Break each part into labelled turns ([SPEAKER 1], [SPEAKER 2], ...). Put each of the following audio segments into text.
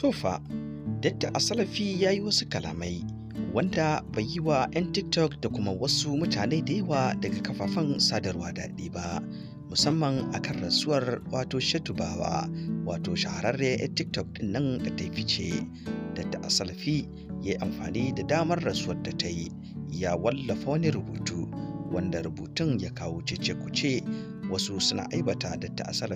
[SPEAKER 1] Tofa, Datta Asalafi ya yi wasu kalamai wanda bai yi wa 'yan TikTok da kuma wasu mutane da yawa daga kafafen sadarwa daɗi ba, musamman akan rasuwar wato Shatubawa, wato shahararre 'yan TikTok ɗin nan da ta fice. Datta Asalafi ya yi amfani da damar rasuwar da ta yi, ya wallafa wani rubutu wanda rubutun ya kawo cece-kuce wasu suna aibata da a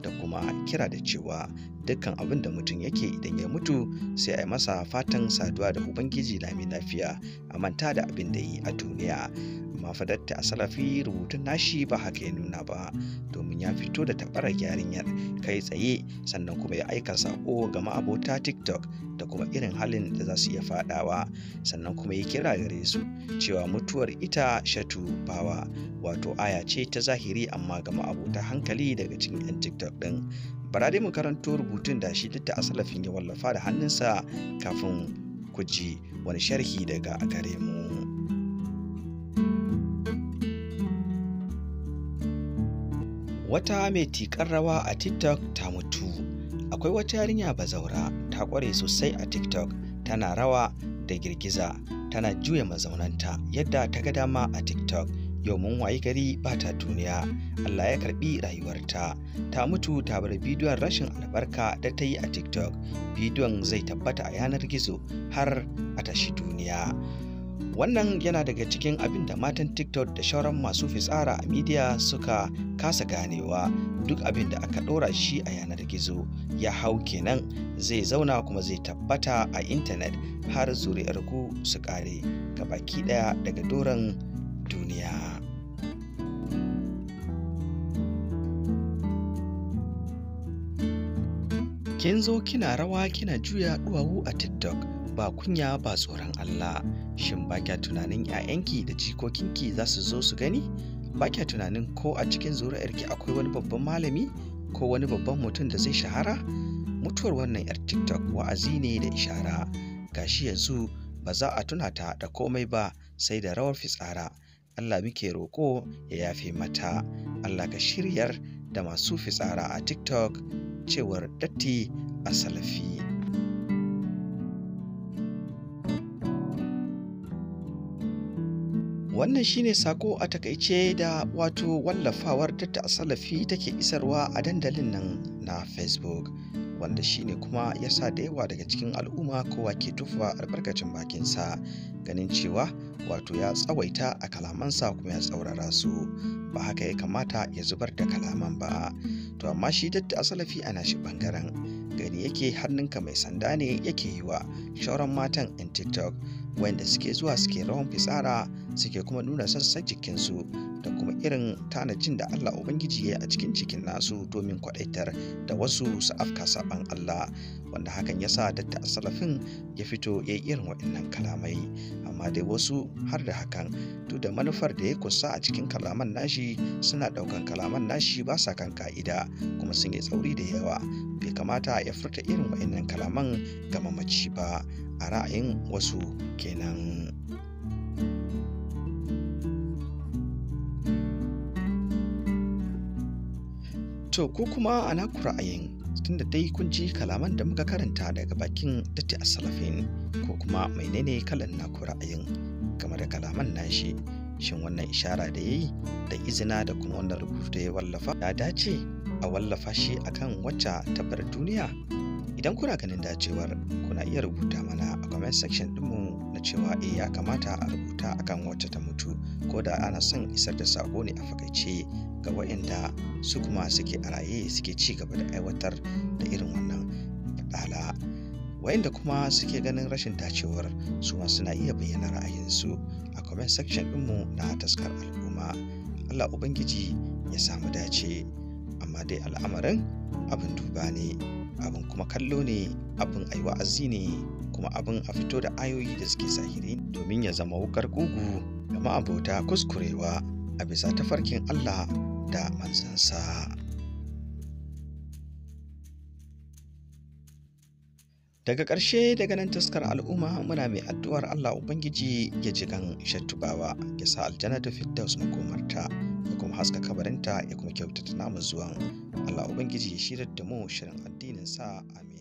[SPEAKER 1] da kuma kira da cewa dukkan abin da mutum yake idan ya mutu sai a yi masa fatan saduwa da ubangiji mai lafiya a manta da abin da yi a duniya amma fa ta a rubutun nashi ba haka ya nuna ba domin ya fito da tabarar yarinyar kai tsaye sannan kuma ya aika sako ga ma'abota tiktok da kuma irin halin da za su iya fadawa sannan kuma ya kira gare su cewa mutuwar ita shatu bawa wato aya ce ta zahiri amma ga ma'abota hankali daga cikin 'yan tiktok ɗin bara dai mu karanto rubutun da shi ta asalafin ya wallafa da hannunsa kafin ku ji wani sharhi daga a gare mu. wata mai tikar rawa a tiktok ta mutu akwai wata yarinya bazaura ta kware sosai a tiktok tana rawa da girgiza tana juya mazaunanta yadda ta ga dama a tiktok yau mun wayi gari ba ta duniya Allah ya karbi rayuwarta ta mutu ta bar bidiyon rashin albarka da ta yi a tiktok bidiyon zai tabbata a yanar gizo har a tashi duniya wannan yana daga cikin abin da matan tiktok da shauran masu fitsara a midiya suka kasa ganewa duk abin da aka ɗora shi a yanar gizo ya hau kenan zai zauna kuma zai tabbata a intanet har zuri'ar ku su ga baki ɗaya daga doron duniya kin zo kina rawa kina juya duwawu a tiktok ba kunya ba tsoron allah shin ba kya tunanin 'ya'yanki da jikokinki za su zo su gani ba kya tunanin ko a cikin zuri'arki akwai wani babban malami ko wani babban mutum da zai shahara mutuwar wannan 'yar tiktok wa'azi ne da ishara gashi yanzu ba za a tuna ta da komai ba sai da rawar fitsara Allah muke roƙo ya yafe mata Allah ka shiryar da masu fitsara a TikTok cewar datti a salafi. Wannan shine sako a takaice da wato wallafawar datti a salafi take isarwa a dandalin nan na Facebook. wanda shi ne kuma ya sa da yawa daga cikin al'umma kowa ke tufa albarkacin bakinsa ganin cewa wato ya tsawaita a kalamansa kuma ya tsaurara su ba haka ya kamata ya zubar da kalaman ba to amma shi datta asalafi ana shi bangaren gani yake hannunka mai sanda ne yake yi wa shauran matan in tiktok wanda suke zuwa suke rawan fitsara suke kuma nuna sassan jikinsu da kuma irin tanajin da Allah Ubangiji ya yi a cikin cikin nasu domin kwadaitar da wasu su afka saban Allah wanda hakan ya sa datta asalafin ya fito ya yi irin waɗannan kalamai amma dai wasu har da hakan duk da manufar da ya kusa a cikin kalaman nashi suna ɗaukan kalaman nashi ba sa kan ka'ida kuma sun yi tsauri da yawa bai kamata ya furta irin waɗannan kalaman ga mamaci ba a ra'ayin wasu kenan to ko kuma a naku ra'ayin tunda dai kun ji kalaman da muka karanta daga bakin datti asalafin ko kuma menene kalan naku ra'ayin game da kalaman nashi shin wannan ishara da yayi da izina da kuma wannan rubutu da ya wallafa ya dace a wallafa shi akan wacce ta duniya idan kuna ganin dacewar kuna iya rubuta mana a comment section dinmu na cewa eh ya kamata a rubuta akan wacce ta mutu ko da ana son isar da sako ne a fakaice ga waɗanda su kuma suke a raye suke ci gaba da aiwatar da irin wannan fadala wayanda kuma suke ganin rashin dacewar su ma suna iya bayyana ra'ayinsu a comment section dinmu na taskar al'umma Allah Ubangiji ya samu dace amma dai al'amarin abin duba ne. abin kuma kallo ne abin yi wa'azi ne kuma abin a fito da ayoyi da suke zahiri domin ya zama wukar gugu da ma'abota kuskurewa a bisa tafarkin Allah da manzansa. Daga ƙarshe daga nan taskar al'umma muna mai addu'ar Allah Ubangiji ya jigan shattubawa ya sa aljanna ta fidda makomarta. ya kuma haska kabarinta ya kuma kyautata namu zuwan Allah Ubangiji ya shirar da mu shirin addinin sa amin